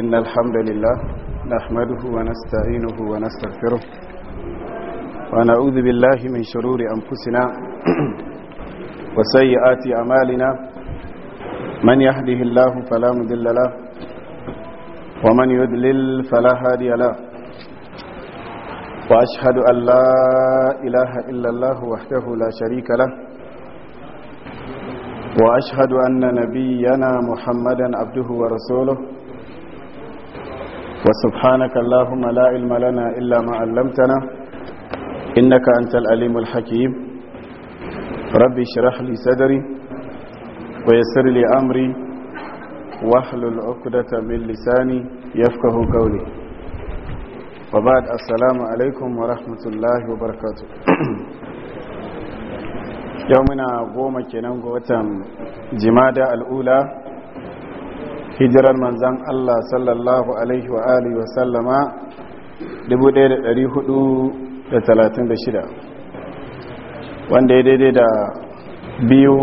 إن الحمد لله نحمده ونستعينه ونستغفره ونعوذ بالله من شرور أنفسنا وسيئات أمالنا من يهده الله فلا مذل له ومن يدلل فلا هادي له وأشهد أن لا إله إلا الله وحده لا شريك له وأشهد أن نبينا محمدا عبده ورسوله وسبحانك اللهم لا علم لنا إلا ما علمتنا إنك أنت الأليم الحكيم ربي اشرح لي صدري ويسر لي أمري واحلل عقدة من لساني يفقه قولي وبعد السلام عليكم ورحمة الله وبركاته يومنا قوم كنان قوة جمادة الأولى hijirar manzan Allah sallallahu alaihi wa alihi wa sallama 1436 wanda ya daidai da biyu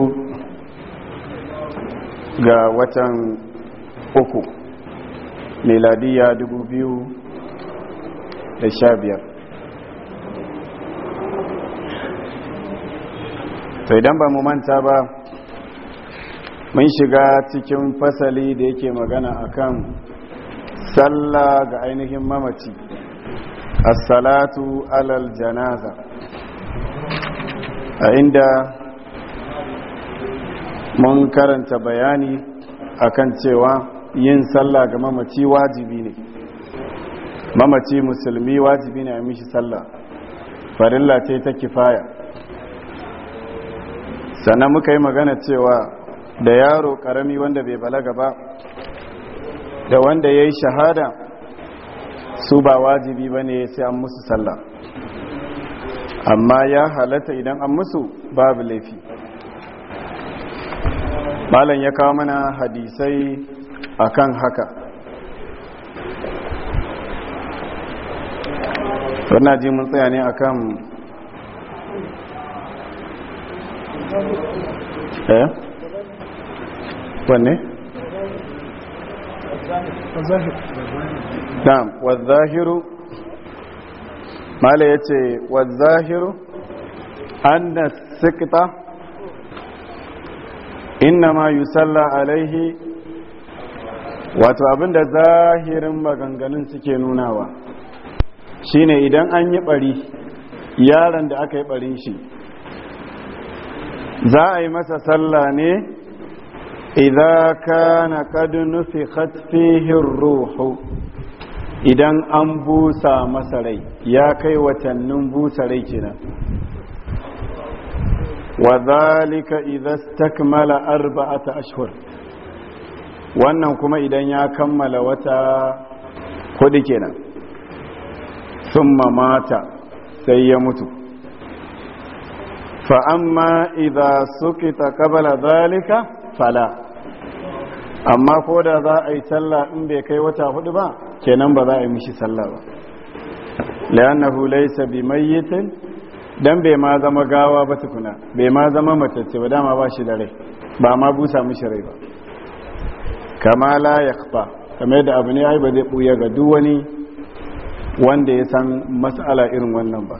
ga watan uku miladiya 2015 to idan ba mu manta ba mun shiga cikin fasali da yake magana kan sallah ga ainihin mamaci assalatu alal janaza a inda mun karanta bayani akan cewa yin sallah ga mamaci wajibi ne mamaci musulmi wajibi ne a mishi sallah farilla ce ta kifaya sannan muka yi magana cewa da yaro karami wanda bai balaga ba da wanda ya yi shahada su ba wajibi ba ne sai an musu sallah amma ya halatta idan an musu babu laifi malam ya kawo mana hadisai akan haka wannan ji mun tsaya ne akan eh wanne na'am wadzahiru mala yace wadzahiru anna sikta innama yusalla alaihi wato abinda zahirin maganganun suke nunawa shine idan an yi bari yaron da aka yi barin shi za a yi masa sallah ne idza kana qad nufikhat fihi ruhu idan an busa masa rai ya kai watannin busa rai kenan wa zalika idza istakmala arba'ata ashhur wannan kuma idan ya kammala wata kuɗi kenan summa mata sai ya mutu fa amma idza suqita qabla zalika fala amma ko da za a yi sallah in bai kai wata hudu ba kenan ba za a yi mishi sallah ba la'annahu laysa mayyitin dan bai ma zama gawa ba tukuna bai ma zama matacce ba dama ba shi da rai ba ma busa mishi rai ba kama la yakhfa kamar da abu ne ai ba zai buya ga duk wani wanda ya san mas'ala irin wannan ba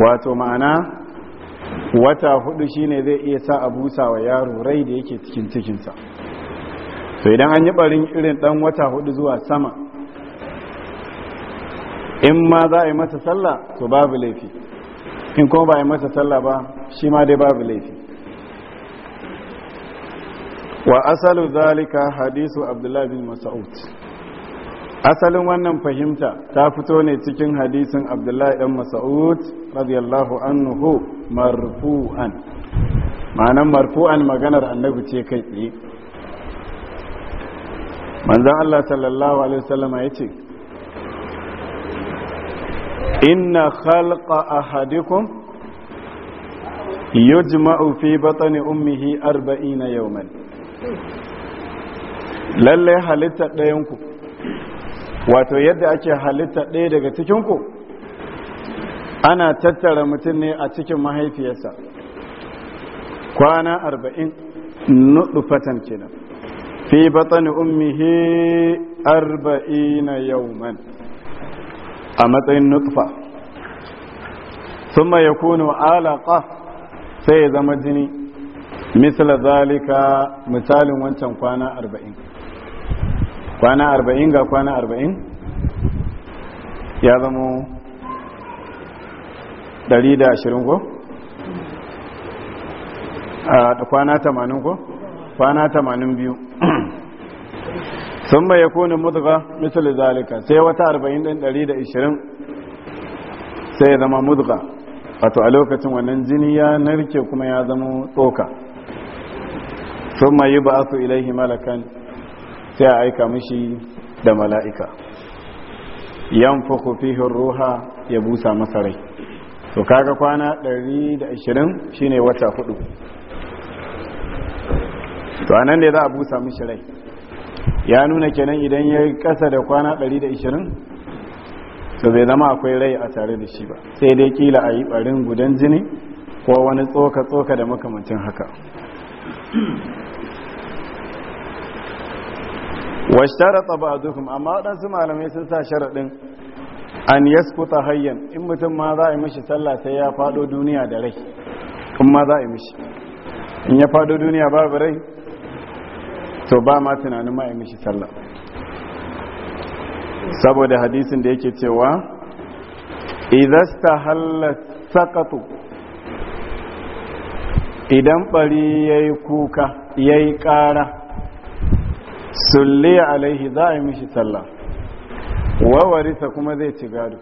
wato ma'ana wata hudu shine zai iya sa a busa wa yaro rai da yake cikin cikinsa to idan an yi barin irin dan wata hudu zuwa sama in ma za a yi masa sallah to babu laifi in kuma ba a yi masa sallah ba shi ma dai babu laifi wa asalu zalika hadisu abdullahi bin mas'ud asalin wannan fahimta ta fito ne cikin hadisin abdullahi dan mas'ud radiyallahu anhu marfu'an ma'anan marfu'an maganar annabi ce kai tsaye manzan Allah sallallahu alaihi wasallam ya ce inna khalqa ahadikum yujma'u fi batni ummihi yau yawman lalle halitta ɗayan ku wato yadda ake halitta ɗaya daga cikinku ana tattara mutum ne a cikin mahaifiyarsa kwana arba'in nuɗu fatan kenan fi batsani ummihi arba'ina yauman a matsayin nutfa sun ya kunu alaƙa sai ya zama jini misla zalika misalin wancan kwana arba'in kwana arba'in ga kwana arba'in ya zamo dari da ashirin ko? a kwana tamanin ko? kwana tamanin biyu sun bai ya kone mutuka misali zalika sai wata arba'in ɗin dari da ashirin sai ya zama mutuka wato a lokacin wannan jini ya narke kuma ya zama tsoka sun mai yi ba su ilaihi malakan sai a aika mishi da mala'ika yan fihin ruha ya busa masa rai to kaga kwana 120 shine wata hudu to anan ne za a busa mishi rai ya nuna kenan idan ya yi kasa da kwana 120 to bai zama akwai rai a tare da shi ba sai dai kila a yi barin gudan jini ko wani tsoka-tsoka da makamancin haka washarata ba dukkan amma waɗansu malamai sun sa sharaɗin an yaskuta hayyan in mutum ma za a yi mishi sallah sai ya faɗo duniya da rai kuma ma za a yi mishi in ya faɗo duniya babu rai to ba ma tunanin ma a yi mishi sallah saboda hadisin da yake cewa idasta hallat sakatu idan bari ya yi kuka ya yi ƙara sulli alaihi za a yi mishi sallah wawarisa kuma zai ci gado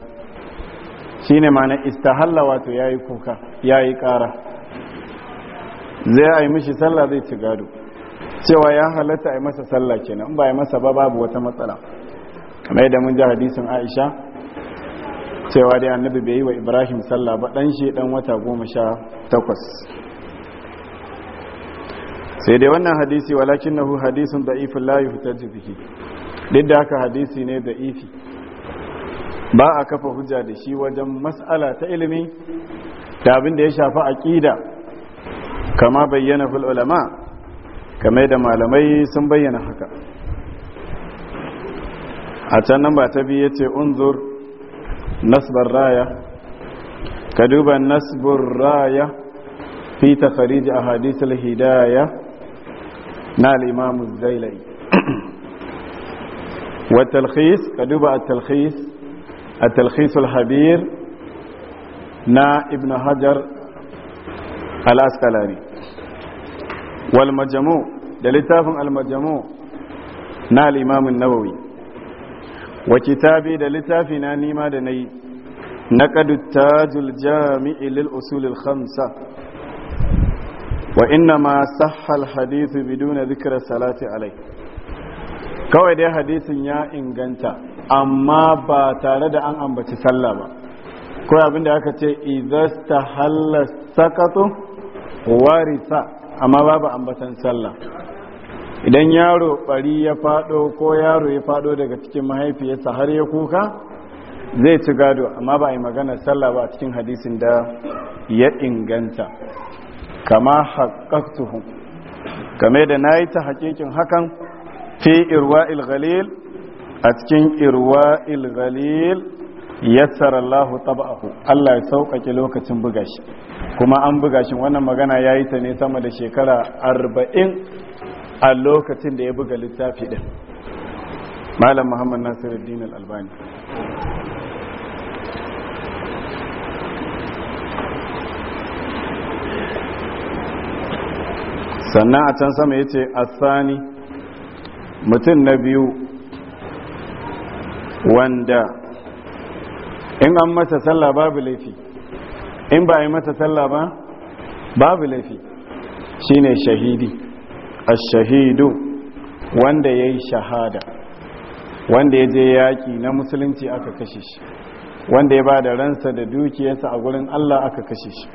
shine mana istahalla wato yi kuka ya yi kara zai a yi mishi sallah zai ci gado cewa ya halatta a yi masa sallah kenan ba yi masa ba babu wata matsala kamar yadda mun ji hadisin Aisha cewa dai annabi bai yi wa Ibrahim sallah ba dan shi dan wata goma sha takwas sai dai wannan hadisi walakin walakinnahu hadisun ifin layu ta bihi duk da haka hadisi ne za'ifi ba a kafa hujja da shi wajen mas'ala ta ilimi da abin da ya shafi aƙida kama bayyana fulolama ulama kamar da malamai sun bayyana haka a can nan ba ta biyu ce unzur nasbar raya ka duba nasbar raya fi fariji a hadisar Hidaya. na al'imamu zailai wa talkhis ka duba a talkhis a talkhisul habir na ibn hajar askalari. wal majamu da littafin al majamu na al'imamun nawawi wa kitabi da littafi na nima da na yi na ƙadu tajul jami'i lil usulil khamsa وإنما صح الحديث بدون ذكر الصلاة عليه kawai dai hadisin ya inganta amma ba tare da an ambaci sallah ba kawai abinda aka ce ta halla sakatu warisa amma babu ambatan sallah idan yaro bari ya fado ko yaro ya fado daga cikin mahaifiyarsa har ya kuka zai ci gado amma ba a yi maganar sallah ba a cikin hadisin da ya inganta kama tuhu game da na yi ta haƙiƙin hakan fi irwa ilgalil a cikin irwa ilgalil yassara Allah taba'ahu Allah ya sauƙaƙe lokacin buga shi kuma an buga shi wannan magana ya yi ta ne sama da shekara arba'in a lokacin da ya buga littafi ɗin malam muhammad Nasiru albani sannan a can sama ya ce asani mutum na biyu wanda in an mata sallah babu laifi in ba yi mata sallah ba babu laifi shine shahidi a shahidu wanda ya yi shahada wanda ya je yaƙi na musulunci aka kashe shi wanda ya ba da ransa da dukiyarsa a gurin Allah aka kashe shi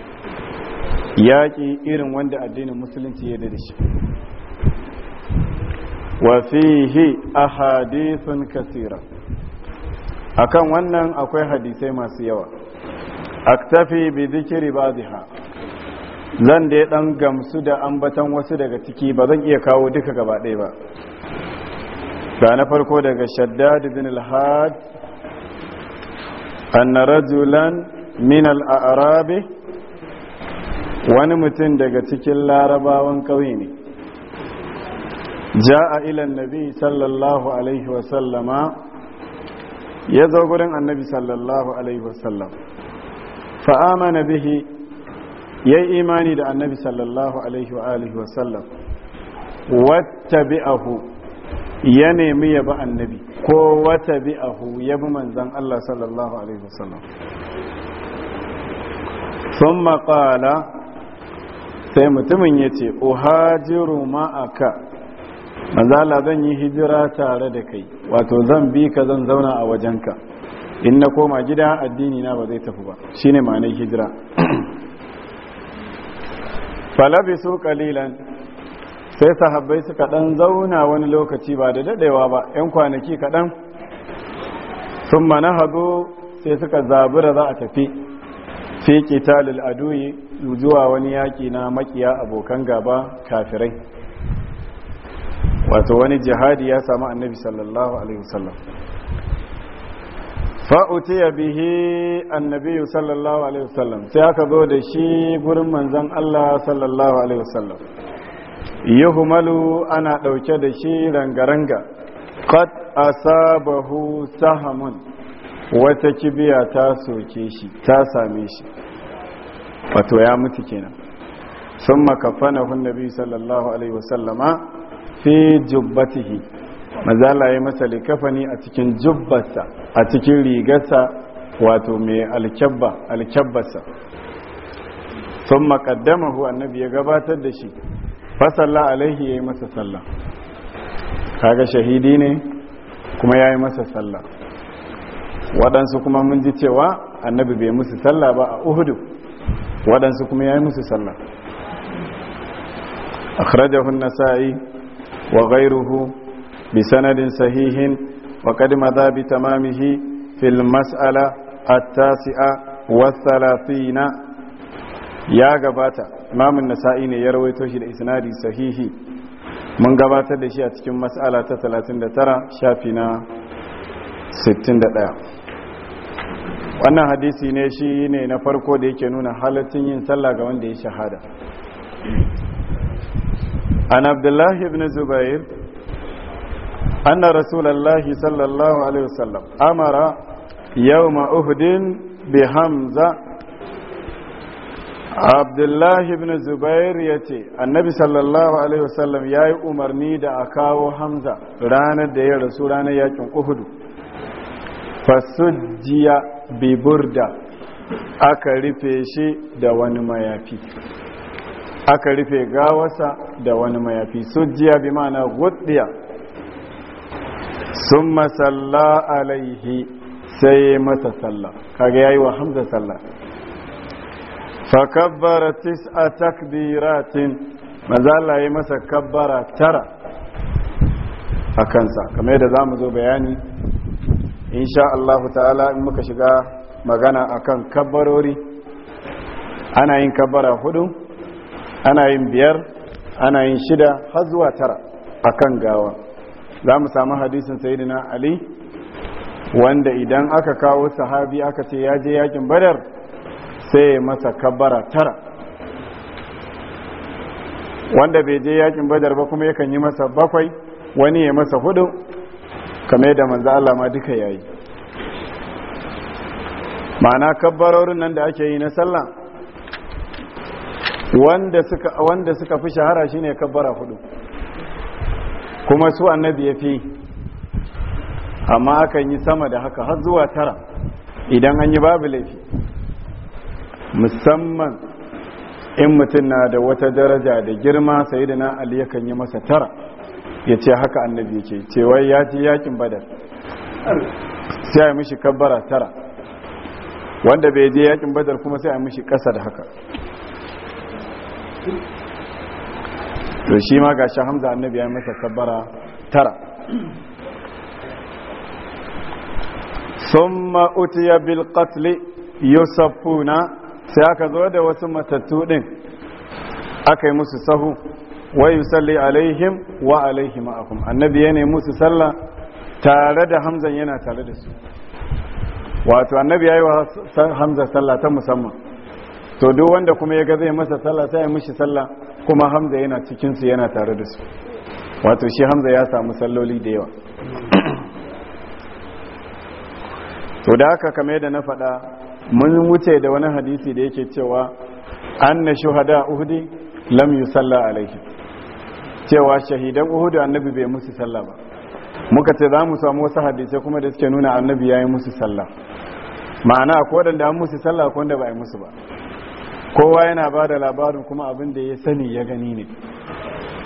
yaƙi irin wanda addinin musulunci ya da shi wa fihi ahadithun kasira akan wannan akwai hadisai masu yawa aktafi bi zikiri ziha. zan da ɗan gamsu da ambatan wasu daga ciki ba zan iya kawo duka gaba ɗaya ba ga na farko daga shaddad bin al-had anna rajulan min al-a'rabi wani mutum daga cikin larabawan ƙauye ne Ja a ilan nabi sallallahu alaihi wasallama ya zo gudun annabi sallallahu alaihi wasallam fa'amana bihi ya yi imani da annabi sallallahu alaihi wasallam wata bi'ahu ya nemi ya bi annabi ko wata bi'ahu ya bi manzan Allah sallallahu alaihi wasallam sun maƙala sai mutumin ya ce uhajiru ma'aka mazala zan yi hijira tare da kai wato zan bi ka zan zauna a wajenka in na koma gida addini na ba zai tafi ba shine ma'anar hijira falabisu kalilan sai sahabbai suka dan zauna wani lokaci ba da daɗewa ba yan kwanaki kaɗan sun mana hazo sai suka zabura za a tafi fi qitalil aduyi zuwa wani yaƙi na makiya abokan gaba kafirai wato wani jihadi ya samu annabi sallallahu alaihi wasallam ya bihi annabi sallallahu alaihi wasallam sai aka zo da shi gurin manzan Allah sallallahu alaihi wasallam malu ana ɗauke da shi rangaranga qad asabahu sahamun wata kibiya ta soke shi ta same shi wato ya mutu kenan sun makafana hun nabi sallallahu alaihi wasallama fi jubbatihi mazala ya masa likafani a cikin jubbarsa a cikin rigarsa wato mai alkyabba alkyabbarsa sun makaddamahu annabi ya gabatar da shi fasalla alaihi ya yi masa sallah kaga shahidi ne kuma ya yi masa sallah waɗansu kuma mun ji cewa annabi bai musu sallah ba a uhudu waɗansu kuma ya yi musu sallah akhrajahun nasa'i wa gairuhu bi sanadin sahihin wa qad madha bi tamamihi fil mas'ala a tasia wa thalathina ya gabata imamun nasa'i ne ya rawaito shi da isnadi sahihi mun gabatar da shi a cikin mas'ala ta 39 shafi na 61 wannan hadisi ne shi ne na farko da yake nuna halittin yin sallah ga wanda ya shahada an abdullahi ibn zubair anna rasulallahi sallallahu alaihi wasallam amara yawma uhudin bi hamza abdullahi ibn zubair ya ce annabi sallallahu alaihi wasallam ya yi umarni da a kawo hamza ranar da ya rasu ranar yakin uhudu fasujjiya biburda aka rufe shi da wani mayafi aka rufe gawarsa da wani mayafi sujjiya bi mana gudiya sun masalla alaihi sai masa sallah kaga yayi wa hamza sallah fakabbara a takbiratin mazala yi masa kabbara tara a kansa kamar yadda za mu zo bayani insha Allah ta'ala in muka shiga magana akan kabarori ana yin kabbara hudu ana yin biyar ana yin shida har zuwa tara akan gawa za mu samu hadisin sayidina ali wanda idan aka kawo sahabi aka ce ya je yakin badar sai ya masa kabbara tara wanda bai je yakin badar ba kuma yakan yi masa bakwai wani ya masa hudu kame da manzo Allah ma duka yayi ma'ana kabbarorin nan da ake yi na sallah wanda suka wanda suka fi shahara shine kabbara hudu kuma su annabi yafi fi amma akan yi sama da haka har zuwa tara idan an yi babu laifi musamman in mutum na da wata daraja da girma sai da na ali yakan yi masa tara ya ce haka annabi ya ce cewai ya ce yakin badar sai a mishi kabbara tara wanda bai je yakin badar kuma sai a mishi kasa da haka to shi ma ga shi hamza annabi ya masa kabbara tara sun ma'utiya bilkatli na sai aka zo da wasu matattu din aka yi musu sahu wa yusalli alaihim wa alaihi ma'akum annabi ya nemi musu sallah tare da hamzan yana tare da su wato annabi ya yi wa hamza sallah ta musamman to duk wanda kuma ya ga zai masa sallah sai ya mishi sallah kuma hamza yana cikin su yana tare da su wato shi hamza ya samu salloli da yawa to da haka kamar yadda na faɗa mun wuce da wani hadisi da yake cewa anna shuhada uhdi lam yusalla alaihi cewa shahidan uhudu annabi bai musu sallah ba muka ce za mu samu wasu hadisai kuma da suke nuna annabi ya yi musu sallah ma'ana ko da an musu sallah ko da ba musu ba kowa yana ba da labarin kuma abin da ya sani ya gani ne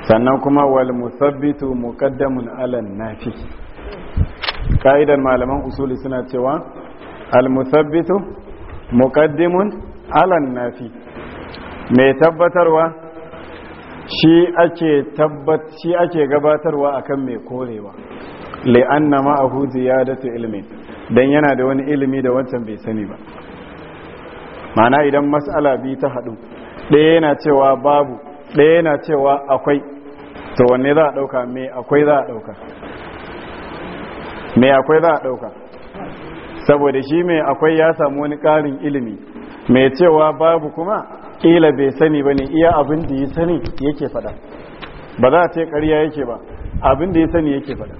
sannan kuma wal musabbitu muqaddamun ala nafi kaidan malaman usuli suna cewa al musabbitu muqaddimun ala nafi mai tabbatarwa shi ake tabbat shi ake gabatarwa akan mai korewa ma ahu ziyadatu ilmi dan yana da wani ilimi da wancan bai sani ba ma'ana idan mas'ala bi ta hadu ɗaya yana cewa babu ɗaya yana cewa akwai to wanne za a ɗauka me akwai za a ɗauka me akwai za a ɗauka saboda shi me akwai ya samu wani ƙarin ilimi mai cewa babu kuma kila bai sani ba ne iya abin da ya sani yake fada ba za a ce ƙarya yake ba abin da ya sani yake fada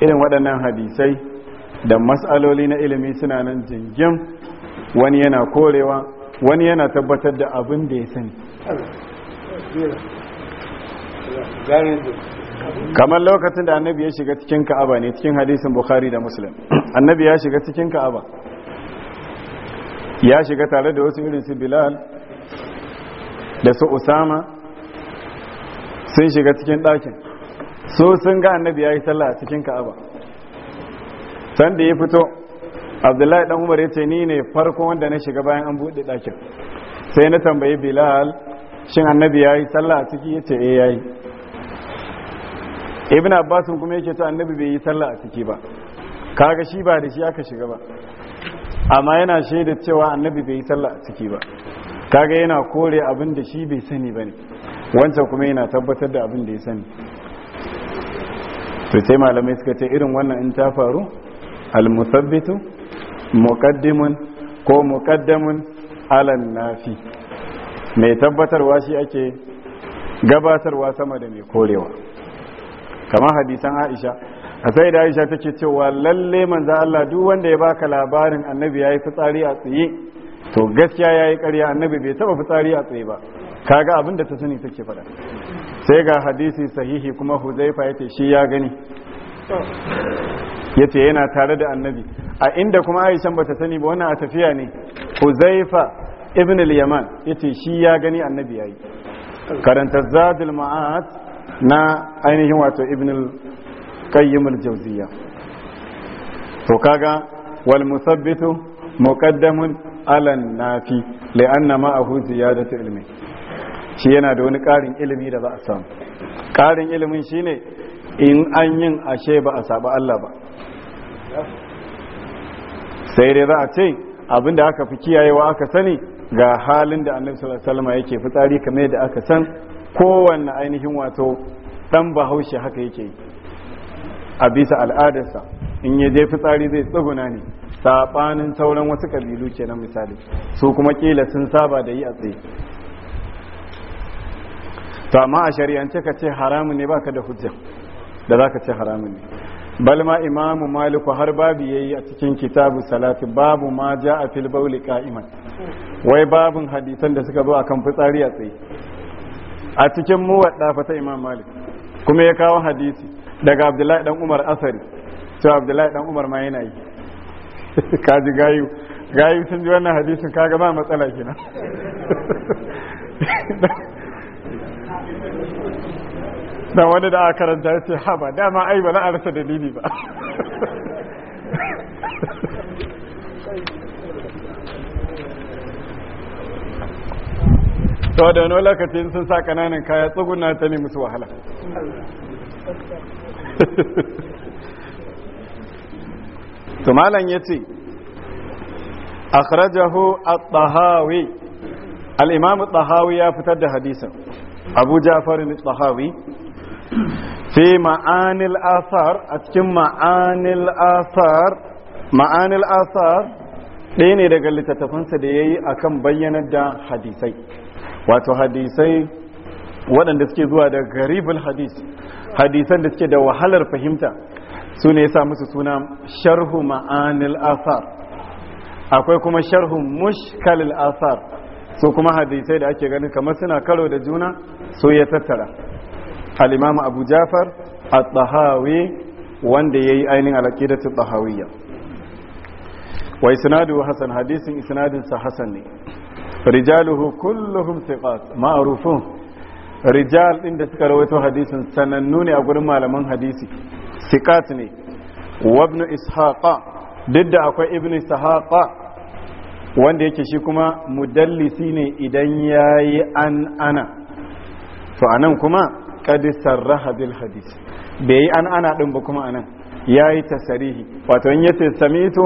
irin waɗannan hadisai da matsaloli na ilimi suna nan jingim wani yana korewa wani yana tabbatar da abin da ya sani kamar lokacin da annabi ya shiga cikin ka'aba ne cikin hadisin bukhari da muslim annabi ya shiga cikin ka'aba ya shiga tare da wasu irin su bilal da su usama sun shiga cikin ɗakin so sun ga annabi ya yi sallah a cikin ka'aba sanda ya fito abdullahi dan umar ya ce ni ne farko wanda na shiga bayan an buɗe ɗakin sai na tambayi bilal shin annabi ya yi sallah a ciki ya ce eh ya yi ibn abbasun kuma yake ta annabi bai yi sallah a ciki ba kaga shi ba da shi aka shiga ba amma yana shaida cewa annabi bai yi sallah a ciki ba kaga yana kore abin da shi bai sani ne wancan kuma yana tabbatar da abin da ya sani to sai malamai suka ce irin wannan in ta faru al-musabbitu muqaddimun ko muqaddamun ala nafi mai tabbatarwa shi ake gabatarwa sama da mai korewa kamar hadisan Aisha a sai da aisha take cewa lalle manzo Allah duk wanda ya baka labarin annabi yayi fitsari a tsaye to gaskiya yayi ƙarya annabi bai taba fitsari a tsaye ba kaga abin da ta sani take faɗa sai ga hadisi sahihi kuma huzaifa yace shi ya gani yace yana tare da annabi a inda kuma aisha bata sani ba wannan a tafiya ne huzaifa ibn al-yaman yace shi ya gani annabi yayi karanta zadul ma'at na ainihin wato ibn qayyimul jawziya to kaga wal musabbitu muqaddamun ala nafi ma ahu ziyadatu ilmi shi yana da wani ƙarin ilimi da za a samu ƙarin ilimin shine in an yin ashe ba a saba Allah ba sai dai za a ce abinda aka fi kiyayewa aka sani ga halin da annabi sallallahu alaihi wasallam yake fitsari kamar da aka san kowanne ainihin wato dan bahaushe haka yake yi a bisa al'adarsa in ya je fitsari zai tsuguna ne saɓanin sauran wasu ƙabilu ke kenan misali su kuma ƙila sun saba da yi a tsaye Ta ma a shari'ance ka ce haramun ne baka da hujja da za ka ce haramun ne bal ma imamu maliku har babu ya yi a cikin kitabu salati babu ma ja a filbauli ka'iman wai babun hadisan da suka zo a kan fitsari a tsaye a cikin mu wadda fata imam malik kuma ya kawo hadisi daga abdullahi dan umar asari cewa abdullahi dan umar ma yana yi kaji gayu gayu sun ji wannan hadisin kaga ba matsala kenan da wani da aka karanta ya ce haba dama ai ba na arsa dalili ba to da wani lokacin sun sa kananan kaya tsuguna ta ne musu wahala tumalan ya ce akhrajahu at-tahawi al-imam at-tahawi ya fitar da hadisin abu ja'far at-tahawi fi ma'anil athar a cikin ma'anil athar ma'anil athar ɗaya ne daga littattafansa da ya yi a kan bayyanar da hadisai wato hadisai waɗanda suke zuwa da garibul hadis hadisan da suke da wahalar fahimta su ne yasa musu suna sharhu ma'anil asar akwai kuma sharhu mushkalil asar su kuma hadisai da ake ganin kamar suna karo da juna su ya tattara al abu jafar a tsahawi wanda yayi ainihin al-aqidatu tahawiyya Wai isnadu hasan hadisin isnadinsa sa hasan ne rijaluhu kulluhum thiqat ma'rufun rijal din da suka rawaito hadisin sanannu ne a gurin malaman hadisi sikat ne wa ibn ishaqa duk da akwai ibn ishaqa wanda yake shi kuma mudallisi ne idan yayi an ana to anan kuma kadi sarraha bil hadis bai yi an ana din ba kuma anan yayi tasarihi wato in yace sami'tu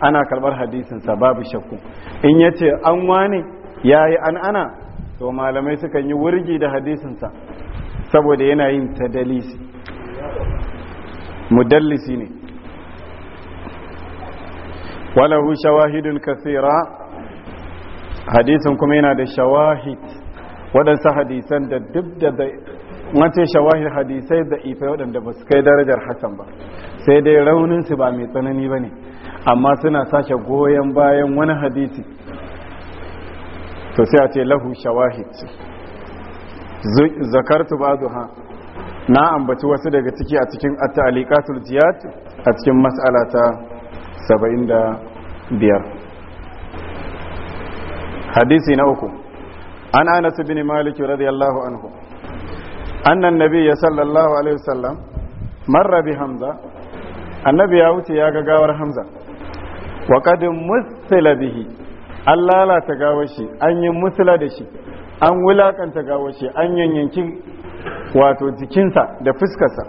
ana kalbar hadisinsa babu shakku in yace an wane yayi an ana to malamai sukan yi wurgi da hadisinsa saboda yana yin tadalisi mudallisi ne walahu shawahidun kasira hadisin kuma yana da shawahid waɗansa hadisan da duk da wace shawahid hadisai da ifai waɗanda ba su kai darajar hasan ba sai dai rauninsu ba mai tsanani ba ne amma suna sashe goyon bayan wani hadisi to sai a ce lahu shawahid zakartu baduha na ambaci wasu daga ciki a cikin at-ta'liqatul jiyat a cikin mas'alata ta 75 hadisi na uku an anas bin malik radiyallahu anhu anna an-nabiy sallallahu alaihi wasallam marra bi hamza annabi ya wuce ya ga gawar hamza wa qad mustala bihi an lalata gawashi an yi musula da shi an wulakanta gawashi an yanyanki wato jikinsa da fuskarsa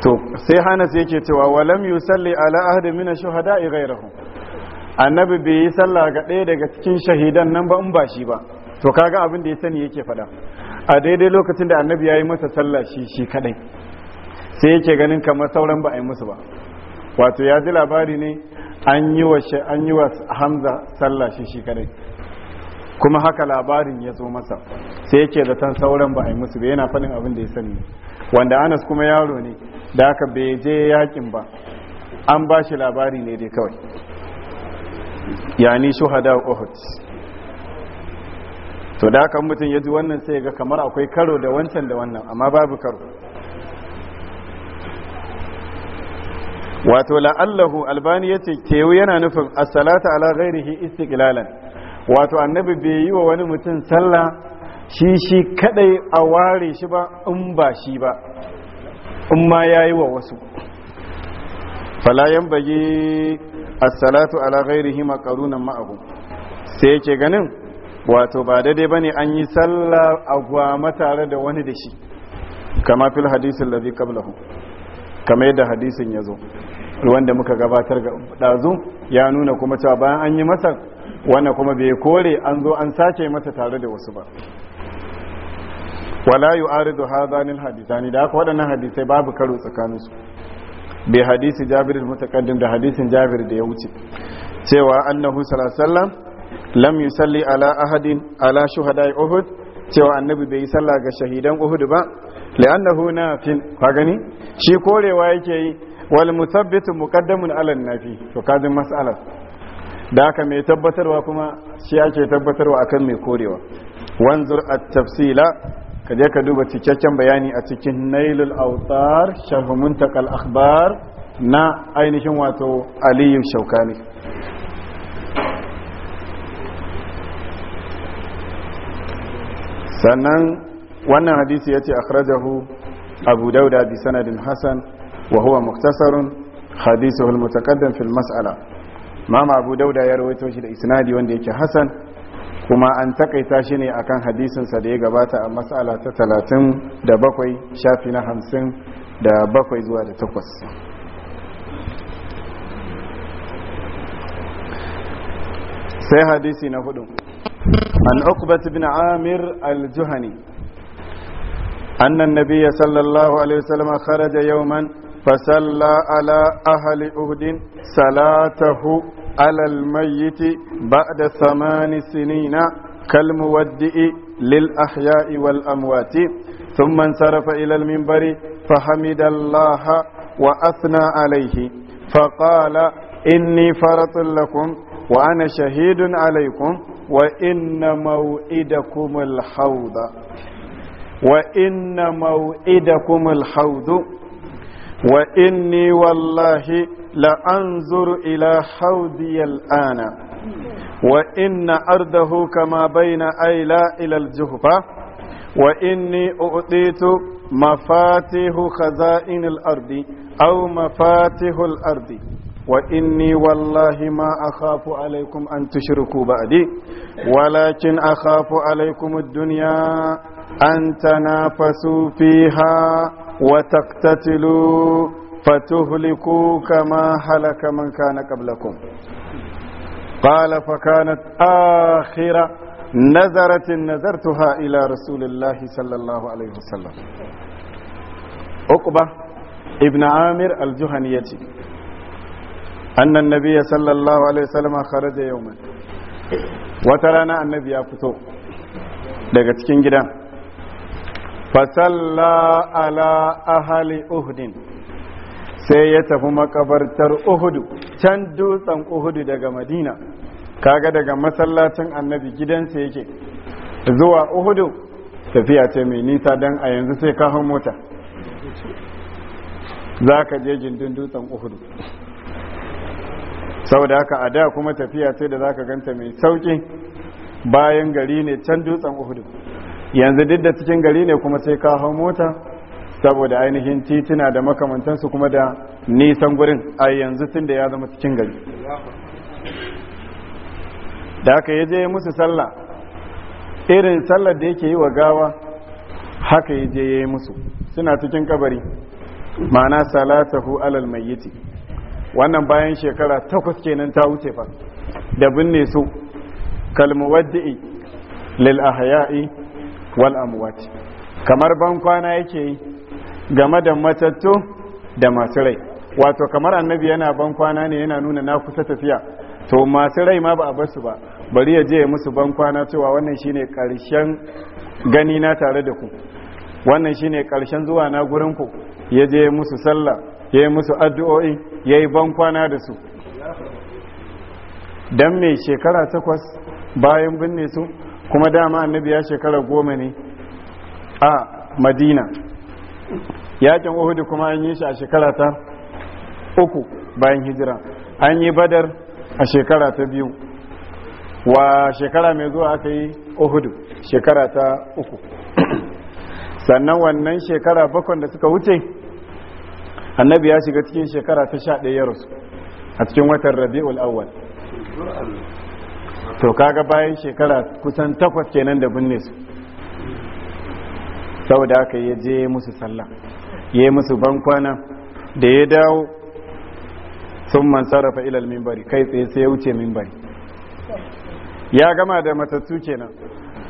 to sai hanas yake cewa walam yusalli ala ahadin min ash-shuhada'i ghayrahu annabi bai yi sallah ga ɗaya daga cikin shahidan nan ba in ba shi ba to kaga abin da ya sani yake faɗa a daidai lokacin da annabi ya yi masa sallah shi shi kadai sai yake ganin kamar sauran ba a yi musu ba wato ya ji labari ne an yi wa hamza sallah shi shi kadai kuma haka labarin ya zo masa sai yake san sauran ba a yi musu ba yana fadin abin da ya sani wanda anas kuma yaro ne da aka bai je yakin ba an ba shi labari ne dai kawai yani shuhada uhud to da aka mutum ya ji wannan sai ga kamar akwai karo da wancan da wannan amma babu karo wato la'allahu albani ya ce kewu yana nufin assalata ala ghairihi istiqlalan wato annabi bai yi wa wani mutum sallah shi shi kadai a ware shi ba in ba shi ba in ma yayi wa wasu fala bagi assalatu ala ghairihi maqarunan ma'ahu sai yake ganin wato ba daidai bane an yi sallah a gwama tare da wani da shi kama fil hadisin ladhi qablahu kamar yadda hadisin ya zo wanda muka gabatar ga ɗazu ya nuna kuma cewa bayan an yi masa wannan kuma bai kore an zo an sace masa tare da wasu ba wala yu aridu hadhanil hadithani da haka waɗannan hadisai babu karo tsakaninsu bai hadisi jabir mutaqaddim da hadisin jabir da ya wuce cewa annahu sallallahu lam yusalli ala ahadin ala shuhada'i uhud cewa annabi bai yi sallah ga shahidan uhud ba li'annahu nafin ka gani shi korewa yake yi wal musabbitu muqaddamun ala nafi to kajin mas'alar da haka mai tabbatarwa kuma shi ake tabbatarwa akan mai korewa wanzur at-tafsila ka je ka duba cikakken bayani a cikin nailul autar sharh muntakal akhbar na ainihin wato aliyu shaukani sannan wannan hadisi yace akhrajahu abu dauda bi sanadin hasan wa huwa muktasarun hadithuhu almutaqaddam fil mas'ala mama abu dauda ya rawaito shi da isnadi wanda yake hasan kuma an takaita shi ne akan hadisin sa da ya gabata a mas'ala ta 37 shafi na 50 da 7 zuwa da 8 sai hadisi na hudu an ukbat bin amir al أن النبي صلى الله عليه وسلم خرج يوما فصلى على أهل أهد صلاته على الميت بعد ثمان سنين كالمودئ للأحياء والأموات ثم انصرف إلى المنبر فحمد الله وأثنى عليه فقال إني فرط لكم وأنا شهيد عليكم وإن موئدكم الحوض وإن موئدكم الحوض وإني والله لأنظر إلى حوضي الآن وإن أرضه كما بين أيلا إلى الجهبة وإني أعطيت مفاتيح خزائن الأرض أو مفاتيح الأرض وإني والله ما أخاف عليكم أن تشركوا بعدي ولكن أخاف عليكم الدنيا أن تنافسوا فيها وتقتتلوا فتهلكوا كما هلك من كان قبلكم قال فكانت آخر نذرة نذرتها إلى رسول الله صلى الله عليه وسلم عقبة ابن عامر الجهنيتي أن النبي صلى الله عليه وسلم خرج يوما وترانا النبي يفتو daga cikin gida fasalla ala ahali uhudin sai ya tafi makabartar uhudu can dutsen uhudu daga madina kaga daga masallacin annabi gidansa yake zuwa uhudu tafiya ce mai nisa don a yanzu sai ka hau mota za ka je gindin dutsen uhudu saboda haka a da kuma tafiya sai da zaka ganta mai sauki bayan gari ne can dutsen uhudu yanzu duk da cikin gari ne kuma sai ka hau mota saboda ainihin titina da makamantansu kuma da nisan gurin a yanzu tun da ya zama cikin gari da haka ya je musu sallah irin sallar da yake yi wa gawa haka ya je ya yi musu suna cikin kabari ma'ana salatahu alal mayyiti wannan bayan shekara takwas kenan ta wuce fa da binne su kalmuwaddi'i lil ahya'i wal amwat kamar ban kwana yake yi game da matattu da masu rai wato kamar annabi yana ban kwana ne yana nuna na kusa tafiya to masu rai ma ba a basu ba bari ya je ya musu ban kwana cewa wannan shine karshen gani na tare da ku wannan shine karshen zuwa na gurin ku ya je musu sallah ya musu addu'o'i ya yi bankwana da su don mai shekara takwas bayan binne su kuma dama annabi ya shekara goma ne a madina yakin uhudu kuma an yi shi a shekara ta uku bayan hijira an yi badar a shekara ta biyu wa shekara mai zuwa aka yi uhudu shekara ta uku sannan wannan shekara bakon da suka wuce annabi ya shiga cikin shekara ta sha ɗaya rasu a cikin watan rabi'ul awwal to kaga bayan shekara kusan takwas kenan da binne su saboda haka ya je musu sallah ya yi musu bankwana da ya dawo sun man sarrafa ilal mimbari kai tsaye sai ya wuce mimbari ya gama da matattu kenan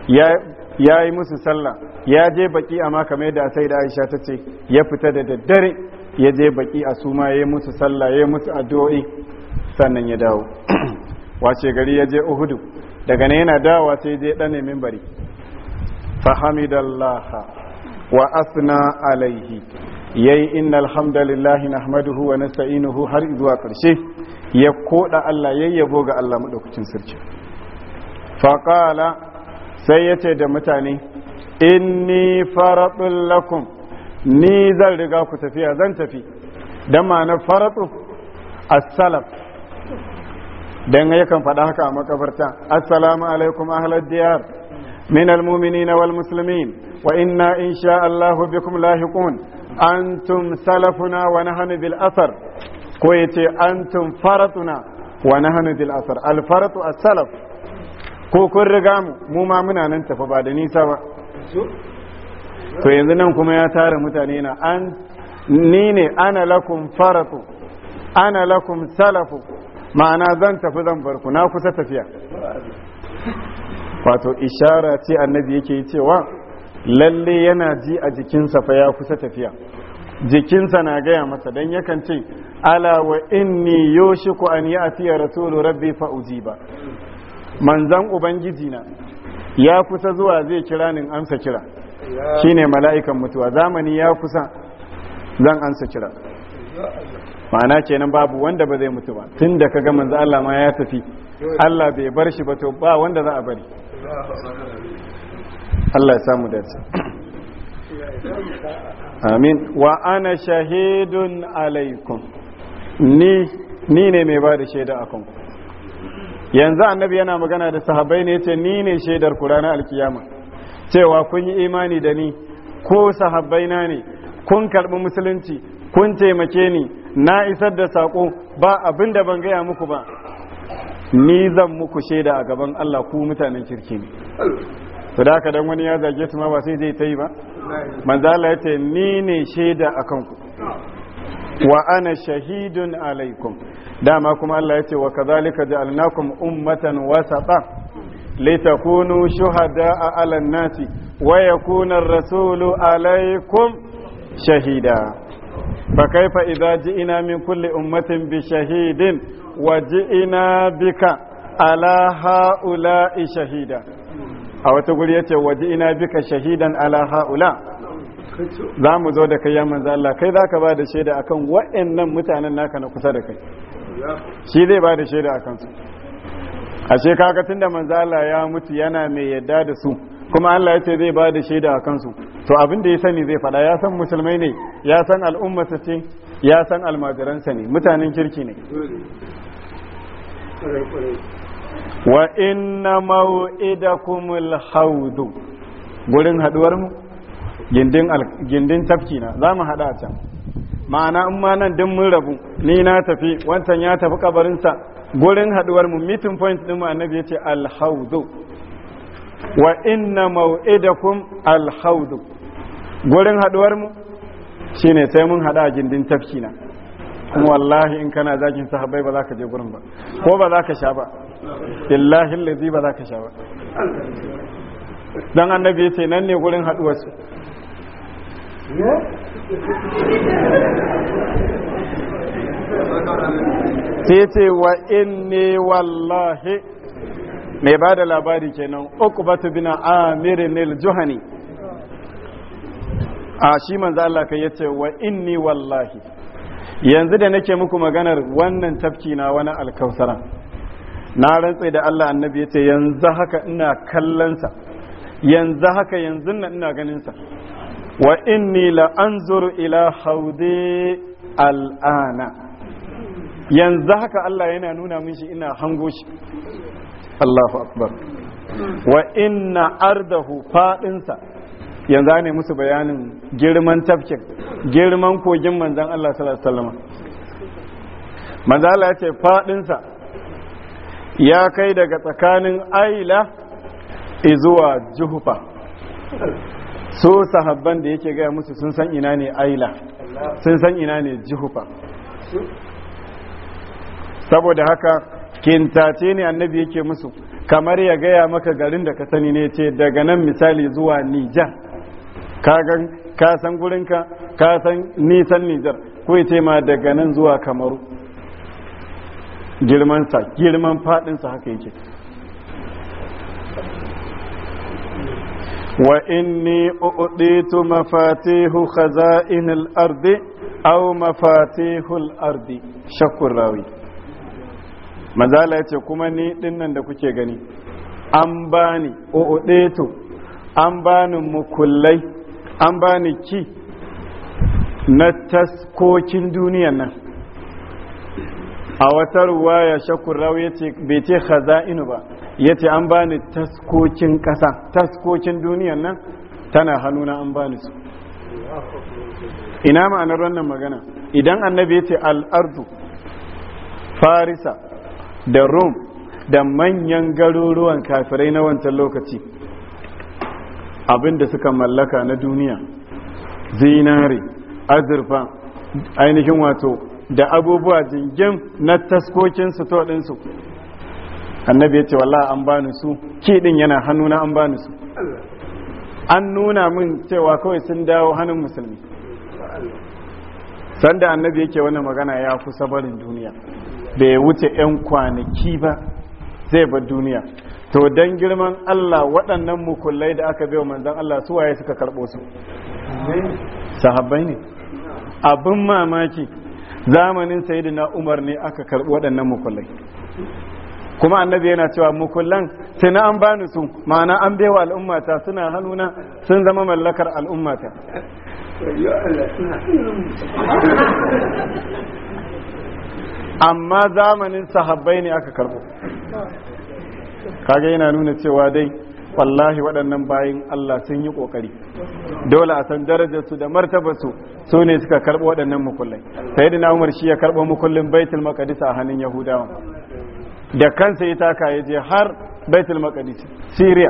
ya yi musu sallah ya je baki amma kamar da sai da aisha ta ce ya fita da daddare ya je baki a suma ya musu sallah ya musu addu'o'i sannan ya dawo wace gari ya je uhudu daga ne yana dawa sai je ɗane mimbari fahamidallaha wa asna alaihi yayi innal hamdalillahi nahmaduhu wa nasta'inuhu har zuwa ƙarshe ya koda Allah yabo ga Allah madaukakin sarki faqala sai ya ce da mutane inni faradun lakum ni zan riga ku tafiya zan tafi don ma'ana faratu assalam don kan faɗa haka a makabarta assalamu alaikum ahlar diyar min almuminina wal muslimin wa inna insha Allahu bikum lahiqun antum salafuna wa nahnu bil asar ko yace antum faratuna wa nahnu bil asar al faratu as salaf ko kun riga mu mu ma muna nan tafi ba da nisa ba to yanzu nan kuma ya tara mutane na an ni ne ana lakum faratu ana lakum salafu ma'ana zan tafi zan barku na kusa tafiya wato ishara ce annabi yake yi cewa lalle yana ji a jikinsa fa ya kusa tafiya jikinsa na gaya masa don yakan ce ala wa inni yoshiku an yi atiya rasulu rabbi fa ba manzan ubangiji na ya kusa zuwa zai kira nin amsa kira shine mala'ikan mutuwa zamani ya kusa zan ansa kira ma'ana kenan babu wanda ba zai mutu ba tun da kaga manzo Allah ma ya tafi Allah bai bar shi ba to ba wanda za a bari Allah ya samu dace amin wa ana shahidun alaikum ni ni ne mai ba da shaida a kanku yanzu annabi yana magana da sahabbai ne yace ni ne shaidar ku ranar alkiyama cewa kun yi imani da ni ko sahabbaina ne kun karɓi musulunci kun taimake ni na isar da saƙo ba abin da ban gaya muku ba ni zan muku shaida a gaban Allah ku mutanen kirki ne to da haka dan wani ya zage su ma ba sai zai ta yi ba manzo Allah ya ce ni ne shaida akan ku wa ana shahidun alaikum dama kuma Allah ya ce wa kadhalika ja'alnakum ummatan wasata litakunu shuhada'a 'alan nasi wa yakuna ar-rasulu 'alaykum shahida fa kaifa idza ji'na min kulli ummatin bi shahidin wa ji'na bika ala ha'ula'i shahida a wata guri yace wa ji'na bika shahidan ala ha'ula za mu zo da kai ya manzo Allah kai zaka ba da shaida akan waɗannan mutanen naka na kusa da kai shi zai ba da shaida akan su ashe kaga tun da Manzala ya mutu yana mai yadda da su kuma Allah ya ce zai ba da shaida a kansu to abin da ya sani zai faɗa ya san musulmai ne ya san al'ummarsa ce ya san almajiransa ne mutanen kirki ne wa inna maw'idakumul haudu gurin haduwar mu gindin gindin tafki na zamu hada a can ma'ana in ma nan din mun rabu ni na tafi wancan ya tafi kabarinsa gurin haduwar mu meeting point din mu annabi yace al-hawdu wa inna maw'idakum al-hawdu gurin haduwar mu shine sai mun hada gindin tafki na kuma wallahi in kana zakin sahabbai ba za ka je gurin ba ko ba za ka sha ba billahi allazi ba za ka sha ba dan annabi yace nan ne gurin haduwar su Yeah. sai ce wa inni wallahi mai ba da labari kenan uku batu bina nil juhani a shi manzo Allah kai yace wa inni wallahi yanzu da nake muku maganar wannan tafki na wani alkausara na rantse da Allah annabi yace yanzu haka ina kallansa, yanzu haka yanzu na ina ganinsa wa inni la anzuru ila haudi al'ana yanzu haka Allah yana nuna min shi ina hango shi Allahu akbar wa inna ardahu fadinsa yanzu ne musu bayanin girman tafkin girman kogin manzon Allah sallallahu alaihi wasallam manzo Allah ya ce fadinsa ya kai daga tsakanin aila zuwa juhufa so sahabban da yake gaya musu sun san ina ne aila sun san ina ne juhufa saboda haka kintace ne annabi yake musu kamar ya gaya maka garin da ka sani ne ce daga nan misali zuwa nijar ka san gurinka ka san nisan nijar ko ya ce ma daga nan zuwa kamaru girmansa girman sa haka yake wa inni u'ditu mafatihu khaza'inil ardi aw mafatihul ardi shakkur rawi manzala ya ce kuma ni dinnan da kuke gani an bani o'odeto an bani mukullai an bani ki na taskokin duniyan nan a wata ruwa ya shakurau ya ce bai ce inu ba ya ce an bani taskokin ƙasa taskokin duniyan nan tana hannuna an bani su ina ma'anar wannan magana idan annabi ya ce al'ardu farisa da rum da manyan garuruwan kafirai na wancan lokaci abinda suka mallaka na duniya zinari azurfa ainihin wato da abubuwa jingin na taskokinsu to ɗinsu annabi ya ce wallah an bani su kiɗin yana hannuna an bani su an nuna min cewa kawai sun dawo hannun musulmi sanda annabi yake wannan magana ya kusa barin duniya bai wuce 'yan kwanaki ba zai bar duniya to don girman Allah waɗannan mukullai da aka biyo manzan Allah su waye suka karɓo su sahabbai ne abin mamaki zamanin sayidina umar ne aka karɓi waɗannan mukullai kuma annabi yana cewa mukullan sai na an bani su ma'ana an baiwa al'ummata suna hannuna sun zama mallakar al'ummata amma zamanin sahabbai ne aka karbo kaga yana nuna cewa dai wallahi waɗannan bayan Allah sun yi ƙoƙari dole a san darajarsu da martabarsu su ne suka karɓo waɗannan mukullai sai da umar shi ya karɓo mukullin baitul makadisa a hannun yahudawa da kansa ya taka ya je har baitul maqdis syria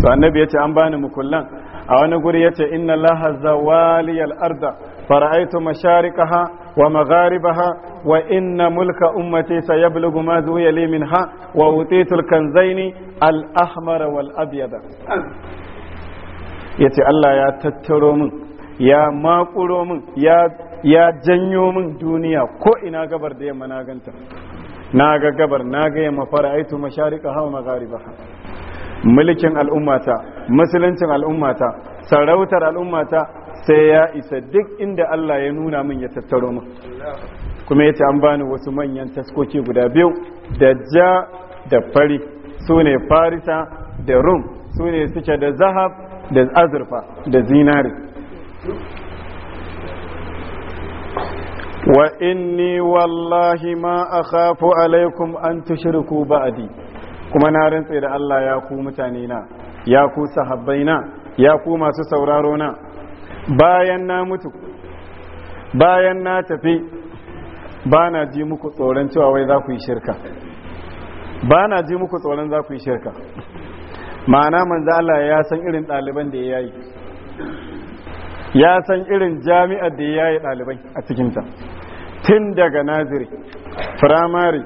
to annabi ya ce an bani mukullan a wani guri ya ce inna laha zawaliyal arda فرأيت مشارقها ومغاربها وإن ملك أمتي سيبلغ ما زوي لي منها وأوتيت الكنزين الأحمر والأبيض yace Allah ya tattaro min ya makuro min ya ya janyo min duniya ko ina gabar da yamma na ganta na ga gabar na ga yamma fara'aitu mashariqa hawa magharibaha mulkin al'ummata musuluncin al'ummata sarautar al'ummata sai ya isa duk inda Allah ya nuna min ya tattaro min kuma yace an bani wasu manyan taskoki guda biyu da ja da fari su ne farisa da rum su ne suke da zahab da azurfa da zinari wa inni wallahi ma akhafu alaikum an tushriku ba'adi kuma na rantse da Allah ya ku mutane na ya ku sahabbai na ya ku masu sauraro na bayan na mutu bayan na tafi ba na ji muku tsoron cewa wai za ku yi shirka ba na ji muku tsoron za ku yi shirka ma'ana manzo Allah ya san irin ɗaliban da ya yi ya san irin jami'ar da ya yi ɗaliban a cikinta tun daga naziri firamare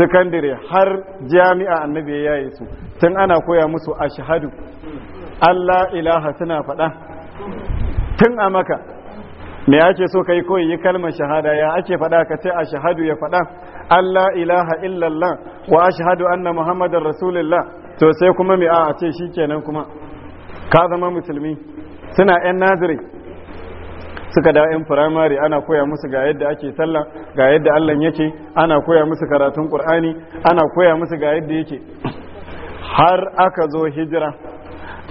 sakandare har jami'a annabi ya yi su tun ana koya musu shahadu Allah ilaha suna faɗa tun a maka me ake so kai koyi yi kalmar shahada ya ake faɗa ka ce a shahadu ya faɗa Allah ilaha illallah wa ashhadu anna muhammadar rasulullah to sai kuma me a ce shi kenan kuma ka zama musulmi suna yan naziri suka da yan firamare ana koya musu ga yadda ake sallah ga yadda Allah yake ana koya musu karatun qur'ani ana koya musu ga yadda yake har aka zo hijira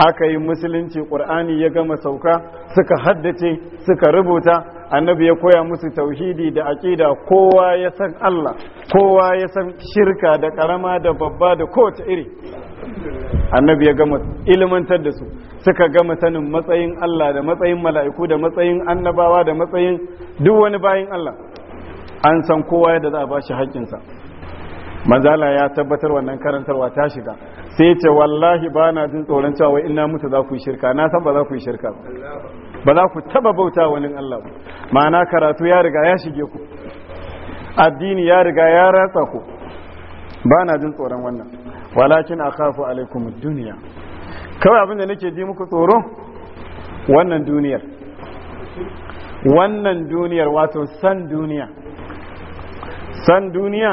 aka yi musulunci qur'ani ya gama sauka suka haddace suka rubuta annabi ya koya musu tauhidi da aqida kowa ya san Allah kowa ya san shirka da karama da babba da kowace iri annabi ya gama ilmantar da su suka gama sanin matsayin Allah da matsayin mala'iku da matsayin annabawa da matsayin duk wani bayin Allah an san kowa yadda za a ba shi haƙƙinsa manzala ya tabbatar wannan karantarwa ta shiga sai ce wallahi ba na jin tsoron cewa ina mutu za ku yi shirka na san ba za ku yi shirka ba ba za ku taba bauta wani Allah ba ma'ana karatu ya riga ya shige ku addini ya riga ya ratsa ku ba na jin tsoron wannan walakin kafu alaikum duniya kawai abin da nake ji muku tsoro wannan duniyar wannan duniyar wato san duniya san duniya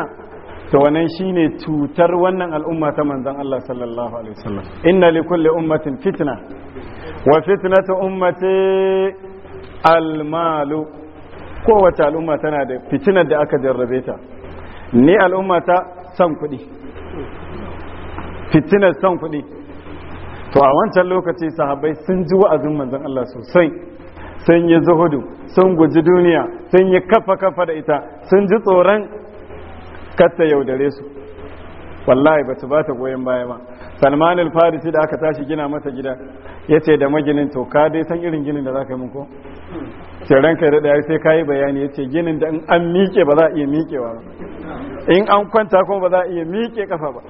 to wannan shine cutar wannan al'umma ta manzan Allah sallallahu alaihi wasallam inna likulli ummatin fitna wa fitnatu ummati almalu kowace al'umma tana da fitinar da aka jarrabe ta ni al'umma ta san kuɗi fitinar san kuɗi to a wancan lokaci sahabbai sun ji wa'azin manzon Allah sosai sun yi zuhudu sun guji duniya sun yi kafa kafa da ita sun ji tsoron katta yaudare su wallahi ba ta ba ta goyon baya ba salman al-farisi da aka tashi gina masa gida ya ce da maginin to ka dai san irin ginin da za ka yi mun ko ce ranka da daya sai ka yi bayani ya ginin da in an miƙe ba za a iya miƙewa ba in an kwanta kuma ba za a iya miƙe kafa ba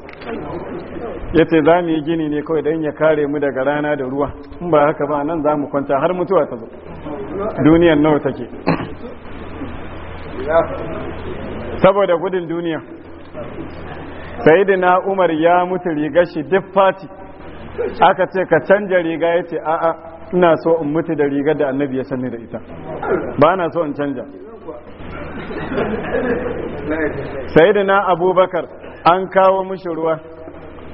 ya ce za mu yi gini ne kawai don ya kare mu daga rana da ruwa in ba haka ba nan za mu kwanta har mutuwa ta zo duniyan nawa take saboda gudun duniya Sa'idina umar ya mutu riga shi duk fati aka ce ka canja riga ya ce a'a ina so in mutu da riga da annabi ya sani da ita ba na so in canja Sa'idina abubakar an kawo mushi ruwa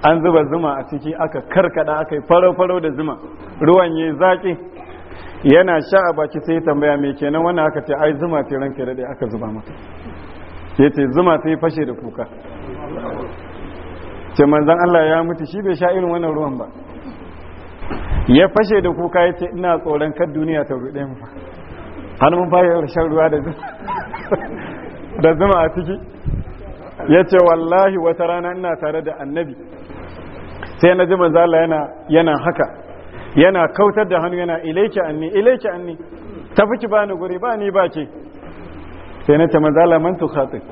an zuba zuma a ciki aka karkada aka yi faro-faro da zuma ruwan ya zaƙi yana sha a baki sai tambaya mai kenan wannan aka ce ai zuma ce ranke daɗe aka zuba mata ya ce zuma sai fashe da kuka ce manzan Allah ya mutu shi bai sha irin wannan ruwan ba ya fashe da kuka ya ce ina tsoron kan duniya ta rude mu har mun fara shan ruwa da zuma a ciki ya ce wallahi wata rana ina tare da annabi sai na ji manzan Allah yana yana haka yana kautar da hannu yana ilaiki anni ilaiki anni tafi ki bani guri ba ni ba ke sai na mazala man tu khatib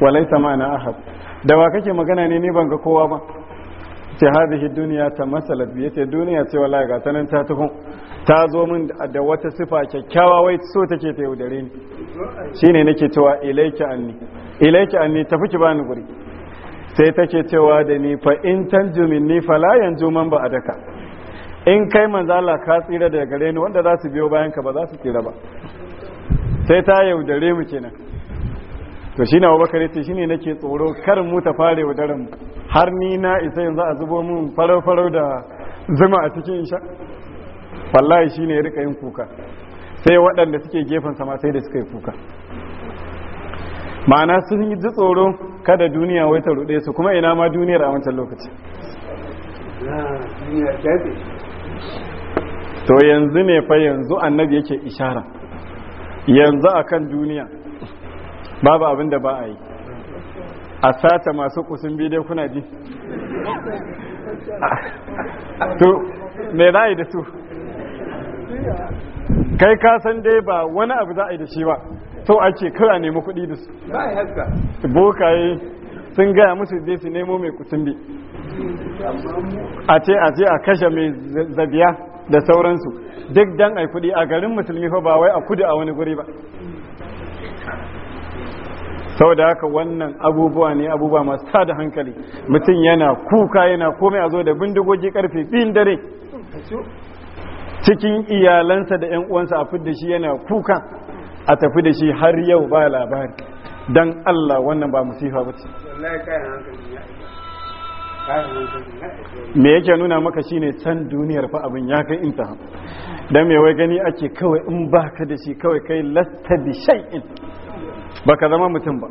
wa ma'ana ahad da wa kake magana ne ni ban ga kowa ba ce shi duniya ta masalat bi ce duniya ce wallahi ga tanan ta tuhu ta zo min da wata sifa kyakkyawa wai so take ta yaudare ni shine nake cewa ilayka anni ilayka anni tafi ki bani guri sai take cewa da ni fa in tanju minni fala yanju man ba adaka in kai manzala ka tsira daga gare ni wanda za su biyo bayan ka ba za su tsira ba sai ta yaudare mu kenan to shi na abubakar ya shi ne nake tsoro kar mu ta fara yaudaran har ni na isa yanzu a zubo mun farau-farau da zuma a cikin sha wallahi shi ne ya rika yin kuka sai waɗanda suke gefen sama sai da suka yi kuka ma'ana sun yi ji tsoro kada duniya wai ta ruɗe su kuma ina ma duniyar a wancan lokaci to yanzu ne fa yanzu annabi yake ishara yanzu a kan duniya babu abin da ba a yi a sata masu kusin bidai kuna ji to me za a yi da su kai kasan dai ba wani abu za a yi da shi ba so ake kira nemi kuɗi da su bokaye sun gaya musu zai su nemo mai kusin bi a ce a ce a kashe mai zabiya da sauransu duk dan ai kuɗi a garin musulmi fa ba wai a kudu a wani guri ba saboda haka wannan abubuwa ne abubuwa masu tada hankali mutum yana kuka yana komai a zo da bindigogi karfe biyun dare cikin iyalansa da 'yan uwansa a fidda shi yana kuka a tafi da shi har yau ba labari dan Allah wannan ba musifa ba ce me yake nuna maka shine can duniyar fa abin ya kai inta dan me wai gani ake kawai in baka da shi kawai kai lasta bi shay'in baka zama mutum ba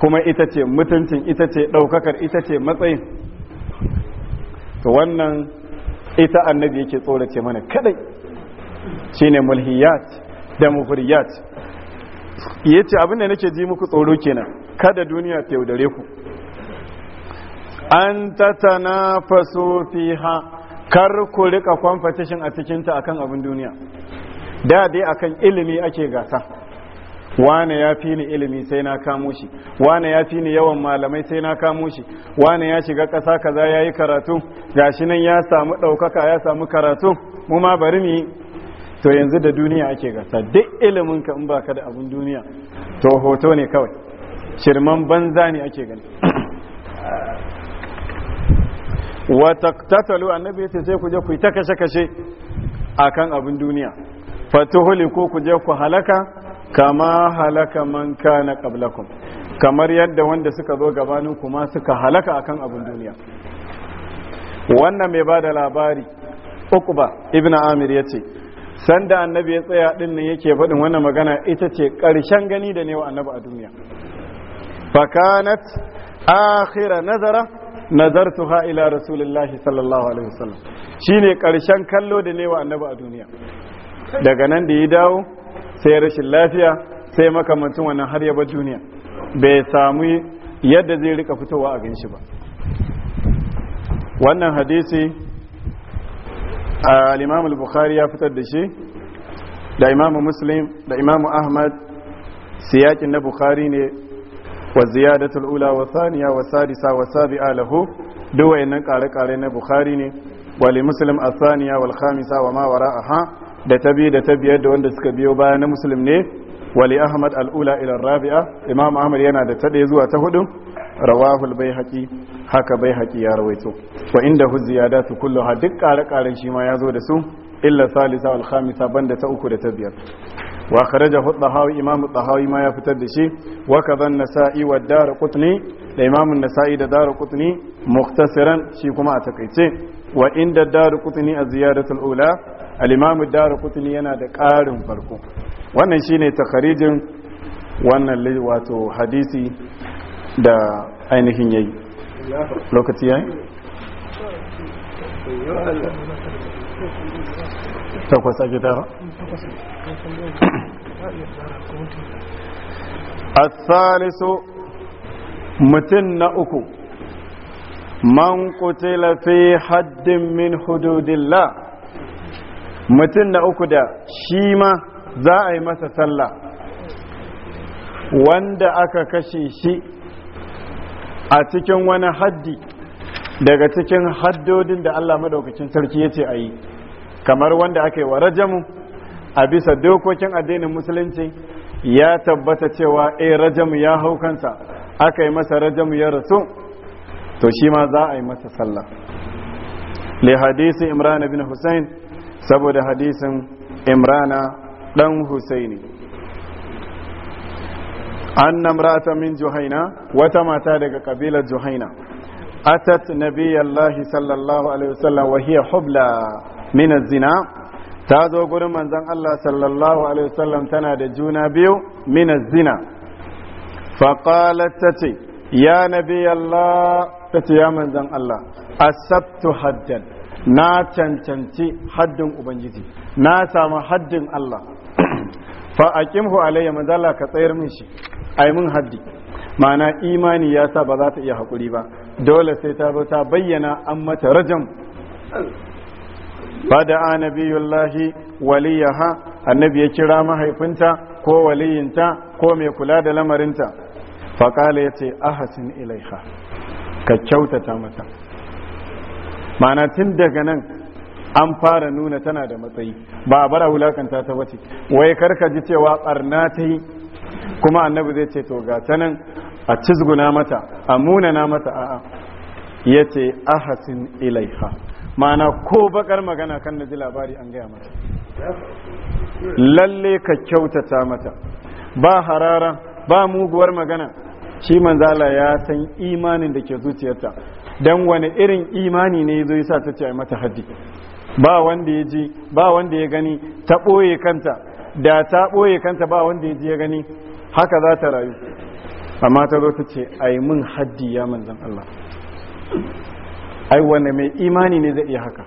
kuma ita ce mutuncin ita ce daukakar ita ce matsayin to wannan ita annabi yake tsorace mana kadai shine mulhiyat da mufriyat yace abin da nake ji muku tsoro kenan kada duniya ta yaudare ku an tatanafasu fiha kar ku rika competition a cikinta akan abin duniya da dai akan ilimi ake gasa wane ya fi ni ilimi sai na kamo shi wane ya fi ni yawan malamai sai na kamo shi wane ya shiga ƙasa kaza ya yi karatu gashi nan ya samu ɗaukaka ya samu karatu mu ma bari mu yi to yanzu da duniya ake gasa duk iliminka in baka da abin duniya to hoto ne kawai shirman banza ne ake gani Wata taktatalu annabi yace sai ku je ku ta kashe kashe akan abin duniya fatuhuli ko ku je ku halaka kama halaka man kana qablakum kamar yadda wanda suka zo gabanin kuma suka halaka akan abin duniya wannan mai ba da labari Ukuba, ibnu amir yace sanda annabi ya tsaya din nan yake faɗin wannan magana ita ce ƙarshen gani da ne wa annabi a duniya fakanat akhira nazara Nazartu ha ila rasulullahi sallallahu alaihi wasallam shine karshen kallo da newa annabi a duniya daga nan da ya dawo sai rashin lafiya sai makamantin wannan har ya bar duniya bai samu yadda zai rika fitowa a shi ba wannan hadisi al-imam ah, al-bukhari ya fitar da shi da imam muslim da imam ahmad siyakin na bukhari ne والزيادة الأولى والثانية والسادسة والسابعة له دوي ننقى لقارين بخاري ولمسلم الثانية والخامسة وما وراءها da ta biyu da ta biyar da wanda suka biyo baya na musulun ne wali ahmad al'ula ila rabi'a imam ahmad yana da taɗe zuwa ta hudu rawahul bai haƙi haka bai haƙi ya rawaito wa inda hu ziyada su kullu ha duk ƙare-ƙaren shi ma ya zo da su illa salisa wal khamisa banda ta uku da ta biyar wa kharaja tahawi imamu tahawi ma ya fitar da shi wa kadha nasai wa qutni da imamu nasai da qutni muktasiran shi kuma a takaice wa inda qutni a ziyaratul ula al-imamu qutni yana da ƙarin farko wannan shine takharijin wannan wato hadisi da ainihin yayi lokaci yayi takwas Salisu mutum na uku man kutila fi haddin min hududillah mutum na uku da shi ma za a yi masa sallah wanda aka kashe shi a cikin wani haddi daga cikin haddodin da Allah madaukakin sarki ya ce a yi kamar wanda aka yi wa rajamu a bisa dokokin addinin musulunci ya tabbata cewa a eh, rajamu ya hau kansa aka yi masa rajamu ya rasu to shi ma za a yi masa sallah le hadisi Imrana bin Hussein saboda hadisin imrana dan husaini an namrata min juhaina wata mata daga kabilar juhaina atat nabiyallahi sallallahu alaihi wasallam wa hiya hubla min zina ta zo gurin manzon Allah sallallahu alaihi wasallam tana da juna biyu min zina fa tace ya nabi Allah tace ya manzon Allah asabtu haddan na cancanci haddin ubangiji na samu haddin Allah fa aqimhu alayya manzon Allah ka tsayar min shi ai mun haddi ma'ana imani ya sa ba za ta iya haƙuri ba dole sai ta ta bayyana an mata rajam bada fada'a nabiyullahi waliyaha annabi ya kira mahaifinta ko waliyinta ko mai kula da lamarinta faƙala ya ce ahasin ilaiha ka kyautata mata mana tun daga nan an fara nuna tana da matsayi ba a bara wulakanta ta wace wai karka ji cewa ɓarna ta yi kuma annabi zai ce to ga ta nan a cizguna mata a munana mata a'a ya ce ahasin ilaiha mana ko bakar magana kan na ji labari an gaya mata lalle ka kyautata mata ba harara ba muguwar magana shi manzala ya san imanin da ke zuciyarta don wani irin imani ne zai sa ta ce a mata haddi ba wanda ya ji ba wanda ya gani ta ɓoye kanta da ta ɓoye kanta ba wanda ya ji ya gani haka za ta rayu amma ta zo ta ce a yi mun haddi ya manzan Allah ai wanda mai imani ne zai iya haka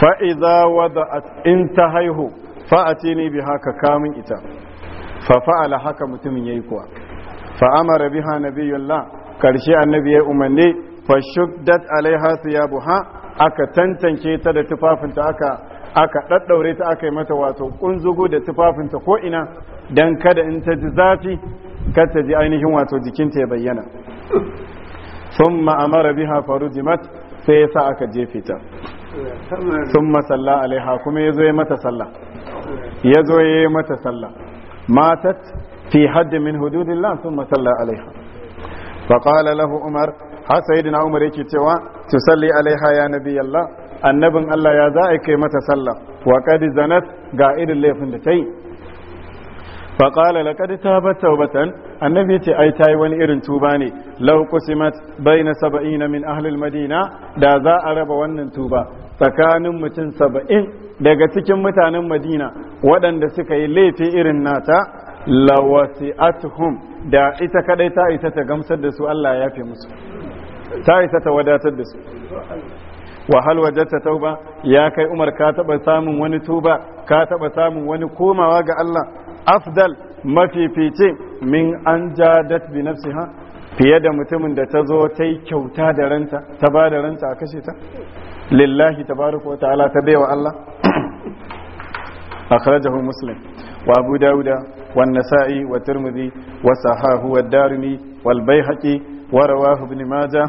fa'iza wadda in ta haihu fa'ace ne bi haka kamun ita fa fa'ala haka mutumin ya yi kuwa fa'amara biha nabiyullah karshe annabi ya umarni fa shuddat alaiha siyabuha aka tantance ta da tufafinta aka aka ɗaɗɗaure ta aka yi mata wato ƙunzugu da tufafinta ko ina don kada in ta ji zafi kata ji ainihin wato jikinta ya bayyana sun ma'amara biha farujimat sai ya sa aka jefe ta sun masalla alaiha kuma ya zo ya mata sallah ya zo ya mata sallah matat fi haddi min hududillah sun masalla alaiha faƙala lahu umar ha sayidina umar yake cewa salli alaiha ya nabi Allah annabin Allah ya za a kai mata sallah wa qad zanat ga irin laifin da ta yi faƙala laƙadi ta bar taubatan annabi ce ai ta yi wani irin tuba ne laukusimat bai na na min ahlul madina da za a raba wannan tuba tsakanin mutum saba'in daga cikin mutanen madina waɗanda suka yi laifi irin nata lawasi'atuhum da ita kadai ta isa ta gamsar da su Allah ya fi musu ta isa ta wadatar da su wahal wajatta tauba ya kai Umar ka taba samun wani tuba ka taba samun wani komawa ga Allah afdal mafifice min an jadat bi ha fiye da mutumin da ta zo ta yi kyauta da ranta ta ba da ranta a kashe ta lillahi tabaraka wa ta'ala ta baiwa Allah akhrajahu muslim wa abu dauda wan nasa'i wa tirmidhi wa sahahu wa darimi wal baihaqi wa rawahu ibn majah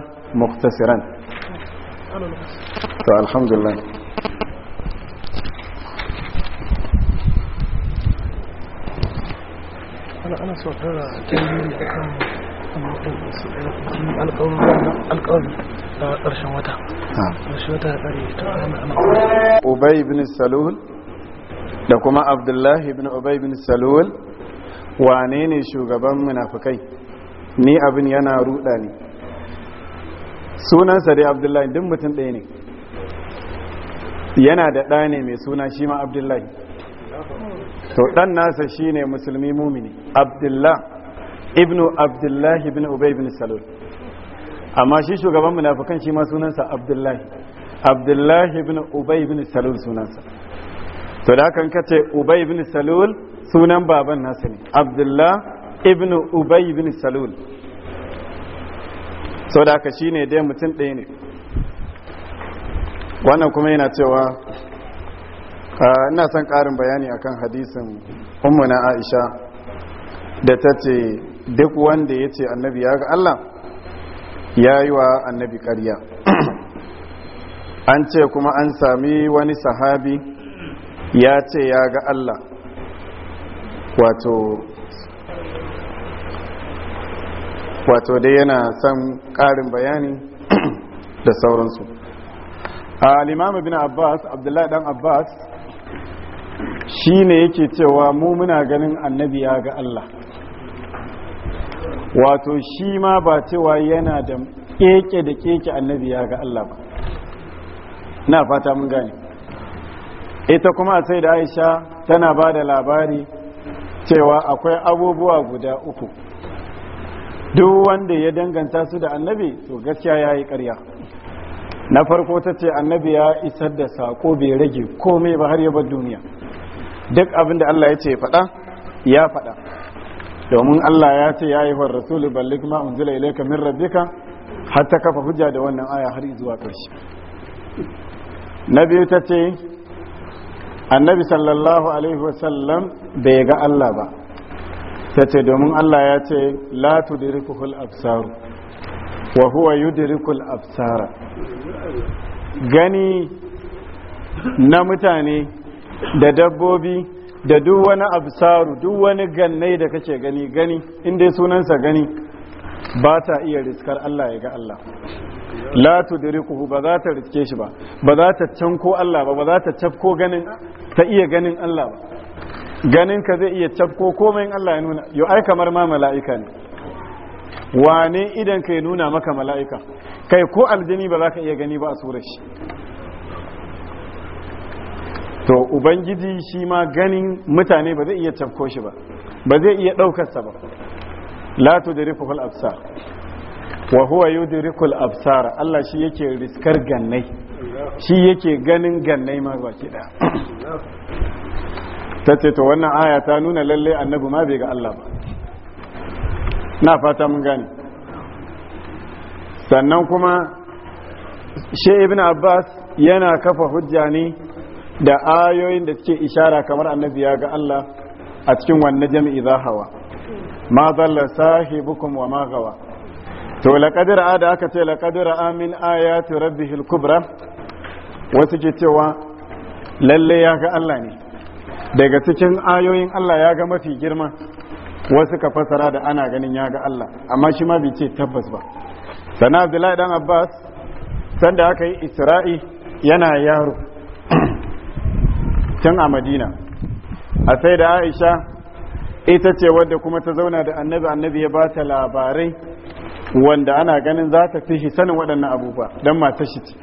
to alhamdulillah ana ana da kuma abdullahi ibn ubay ibn salul wane ne shugaban munafikai ni abin yana ruda ne sunansa dai abdullahi duk mutum ɗaya ne yana da ɗa ne mai suna shi ma abdullahi to dan nasa shine musulmi mumini abdullah ibnu abdullahi ibn ubay ibn salul amma shi shugaban munafikan shi ma sunansa abdullahi abdullahi ibn ubay ibn salul sunansa to da kan kace ubay ibn salul sunan baban nasa ne abdullah ibn ubay ibn salul so da ka shine dai mutum ɗaya ne wannan kuma yana cewa Ah, ina son ƙarin bayani akan hadisin na aisha da ta ce duk wanda ya ce annabi ya ga allah ya yi wa annabi ƙarya an ce kuma an sami wani sahabi ya ce ya ga allah wato wato dai yana son ƙarin bayani da sauransu ah, al-imam ibn abbas abdullahi dan abbas shi ne yake cewa mu muna ganin annabi ya ga Allah wato shi ma ba cewa yana da keke da keke annabi ya ga Allah ba na fata mun gane ita kuma sai da aisha tana ba da labari cewa akwai abubuwa guda uku duk wanda ya danganta su da annabi to gaskiya ya yi karya na farko ta ce annabi ya isar da sako bai rage komai ba har yabar duniya duk abin da Allah ya ce faɗa ya faɗa domin Allah ya ce ya yi wa rasulu ballik ma unzila ilayka min rabbika har ta kafa hujja da wannan aya har zuwa ƙarshe na biyu ta ce annabi sallallahu alaihi wasallam bai ga Allah ba ta ce domin Allah ya ce la tudrikuhul absar wa huwa yudrikul absara gani na mutane da dabbobi da duk wani absaru duk wani gannai da kake gani gani inda sunansa gani ba ta iya riskar Allah ya ga Allah la tudrikuhu ba za ta riske shi ba ba za ta canko Allah ba ba za ta cafko ganin ta iya ganin Allah ba ganin ka zai iya cafko komai Allah ya nuna yau ai kamar ma mala'ika ne wane idan ka ya nuna maka mala'ika kai ko aljini ba za ka iya gani ba a surar shi to ubangiji shi ma ganin mutane ba zai iya tafko shi ba ba zai iya ɗaukarsa ba da rikul absar wa huwa rikul absar Allah shi yake riskar gannai shi yake ganin gannai ma ba ke da Ta ce to wannan aya ta nuna lallai annabi ma bai ga Allah ba na fata mun gane sannan kuma shi ibn abbas yana kafa hujja ne da ayoyin da suke ishara kamar annabi ya ga Allah a cikin wannan jami'i za hawa ma zalla sahibukum wa ma gawa to laqad ra'a da aka ce laqad ra'a min ayati rabbihi al-kubra wasu ke cewa lalle ya ga Allah ne daga cikin ayoyin Allah ya ga mafi girma wasu ka fasara da ana ganin ya ga Allah amma shi ma bai ce tabbas ba sana Abdullahi dan Abbas sanda aka yi Isra'i yana yaro tun a madina a sai da aisha ita ce wadda kuma ta zauna da annabi annabi ya ba ta labarai wanda ana ganin za ta fi shi sanin waɗannan abubuwa don mata shi ce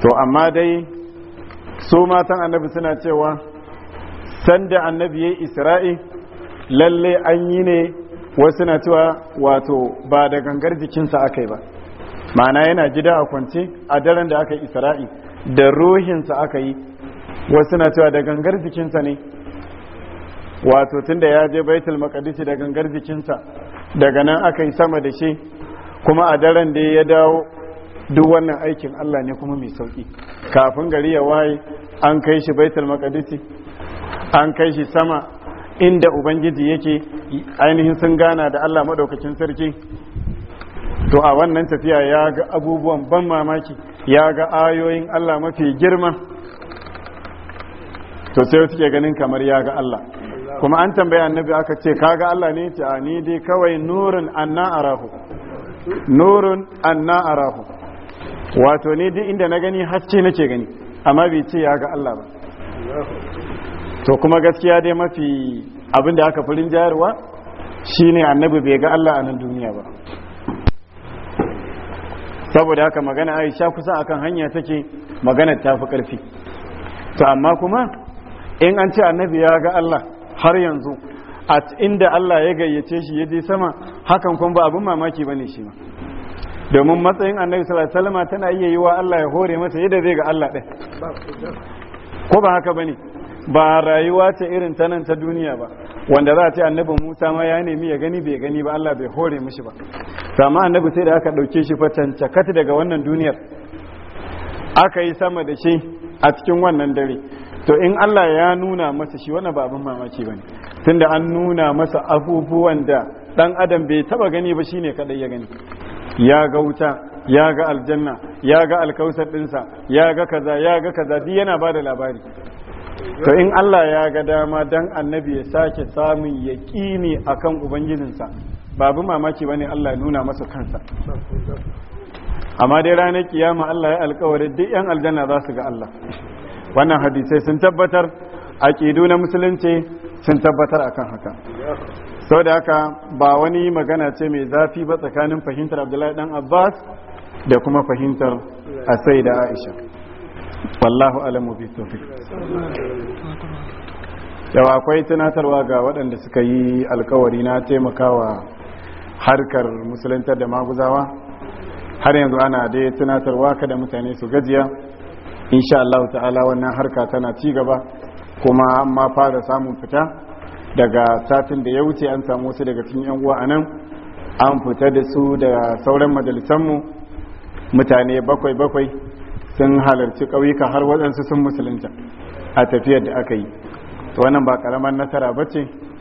to amma dai su matan annabi suna cewa sanda annabi ya isra'i lalle an yi ne wasu na cewa wato ba da gangar jikinsa aka yi ba ma'ana yana gida a kwance a daren da aka yi isra'i da ruhinsa aka yi wasu na cewa da gangar jikinsa ne wato tunda ya je baitul makadisi da gangar jikinsa daga nan aka yi sama da shi kuma a daren da ya dawo duk wannan aikin Allah ne kuma mai sauki kafin gari ya waye an kai shi baitul makadisi an kai shi sama inda ubangiji yake ainihin sun gana da Allah madaukakin sarki to a wannan tafiya ya ga abubuwan ban mamaki ya ga ayoyin Allah mafi girma to sai suke ganin kamar ya ga Allah kuma an tambaya annabi aka ce ka ga Allah ne ta ni dai kawai nurin anna arahu nurin anna arahu wato ne duk inda na gani hacce nake gani amma bai ce ya ga Allah ba to kuma gaskiya dai mafi abin da aka fi rinjayarwa shine annabi bai ga Allah a nan duniya ba saboda haka magana aisha kusa akan hanya take magana ta fi ƙarfi to amma kuma in an ce annabi ya ga Allah har yanzu a inda Allah ya gayyace shi ya je sama hakan kuma ba abin mamaki bane shi ma domin matsayin annabi sallallahu alaihi wasallam tana iya yi wa Allah ya hore mata yadda zai ga Allah ɗin ko ba haka bane ba rayuwa ce irin ta nan ta duniya ba wanda za a ce annabi Musa ma ya nemi ya gani bai gani ba Allah bai hore mishi ba sama annabi sai da aka ɗauke shi fatancakat daga wannan duniyar aka yi sama da shi a cikin wannan dare to in Allah ya nuna masa shi wannan ba abin mamaki ba ne tunda an nuna masa abubuwan da ɗan adam bai taba gani ba shine kadai ya gani ya ga wuta ya ga aljanna ya ga alkausar ɗinsa ya ga kaza ya ga kaza duk yana ba da labari to in Allah ya ga dama dan annabi ya sake samun yaƙini akan ubangijinsa babu mamaki bane Allah nuna masa kansa amma dai ranar kiyama Allah ya alkawari duk yan aljanna za su ga Allah wannan hadisai sun tabbatar aqidu na musulunci sun tabbatar akan haka sau da haka ba wani magana ce mai zafi ba tsakanin fahimtar abdullahi dan abbas da kuma fahimtar asai da aisha wallahu alamu bi tofi yawa akwai tunatarwa ga waɗanda suka yi alkawari na taimakawa harkar musulantar da maguzawa har yanzu ana dai tunatarwa da mutane su gajiya insha Allah ta'ala wannan harka tana ci gaba kuma an ma fara samun fita daga satin da ya wuce an samu wasu daga cikin yan uwa anan an fita da su da sauran majalisanmu mutane bakwai bakwai sun halarci ƙauyuka har waɗansu sun musulunta a tafiyar da aka yi wannan ba ƙaramar nasara ba ce